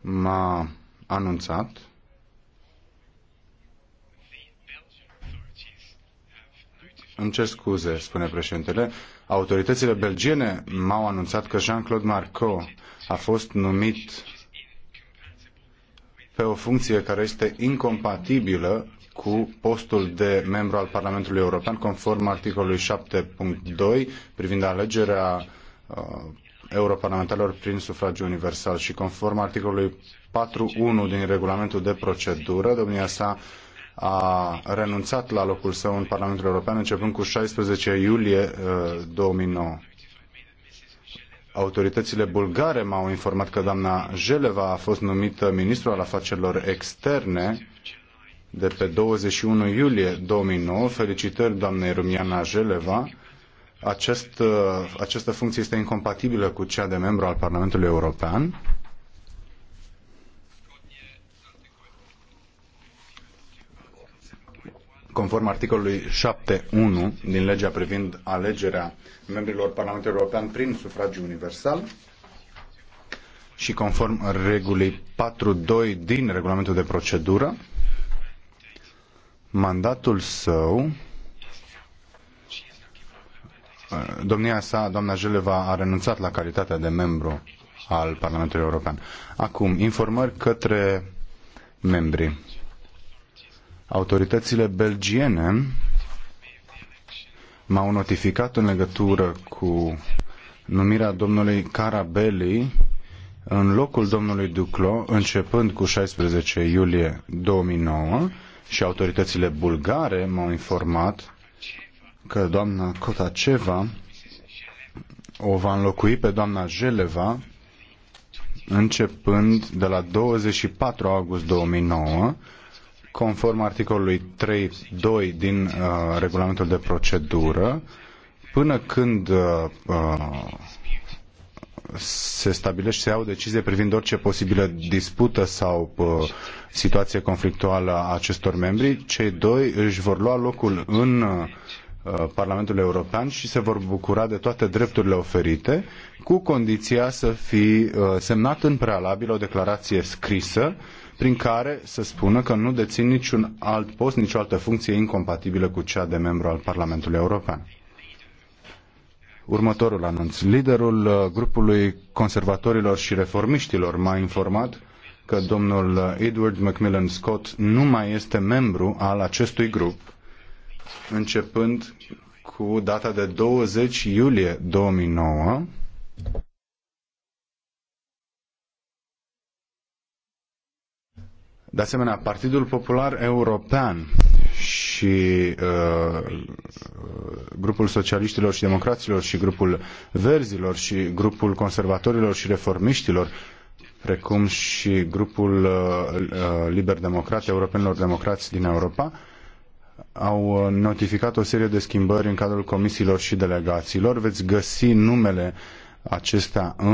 m-a anunțat Îmi cer scuze, spune președintele. Autoritățile belgiene m-au anunțat că Jean-Claude Marco a fost numit pe o funcție care este incompatibilă cu postul de membru al Parlamentului European, conform articolului 7.2 privind alegerea uh, europarlamentarilor prin sufragiu universal și conform articolului 4.1 din regulamentul de procedură, domnia sa a renunțat la locul său în Parlamentul European începând cu 16 iulie 2009. Uh, Autoritățile bulgare m-au informat că doamna Jeleva a fost numită ministru al afacerilor externe de pe 21 iulie 2009. Felicitări doamnei Rumiana Jeleva acest, uh, această funcție este incompatibilă cu cea de membru al Parlamentului European. conform articolului 7.1 din legea privind alegerea membrilor Parlamentului European prin sufragiu universal și conform regulii 4.2 din regulamentul de procedură, mandatul său domnia sa, doamna Jeleva, a renunțat la calitatea de membru al Parlamentului European. Acum, informări către membri. Autoritățile belgiene m-au notificat în legătură cu numirea domnului Carabelli în locul domnului Duclo, începând cu 16 iulie 2009, și autoritățile bulgare m-au informat că doamna Kotaceva o va înlocui pe doamna Jeleva începând de la 24 august 2009, conform articolului 3.2 din uh, regulamentul de procedură, până când uh, uh, se stabilește, se iau decizie privind orice posibilă dispută sau uh, situație conflictuală a acestor membri, cei doi își vor lua locul în uh, Uh, Parlamentul European și se vor bucura de toate drepturile oferite, cu condiția să fi uh, semnat în prealabil o declarație scrisă prin care să spună că nu dețin niciun alt post, nicio altă funcție incompatibilă cu cea de membru al Parlamentului European. Următorul anunț. Liderul uh, grupului conservatorilor și reformiștilor m-a informat că domnul Edward Macmillan Scott nu mai este membru al acestui grup începând cu data de 20 iulie 2009, De asemenea, Partidul Popular European și uh, grupul socialiștilor și democraților și grupul verzilor și grupul conservatorilor și reformiștilor, precum și grupul uh, uh liber-democrat, europenilor democrați din Europa, au uh, notificat o serie de schimbări în cadrul comisiilor și delegațiilor. Veți găsi numele acestea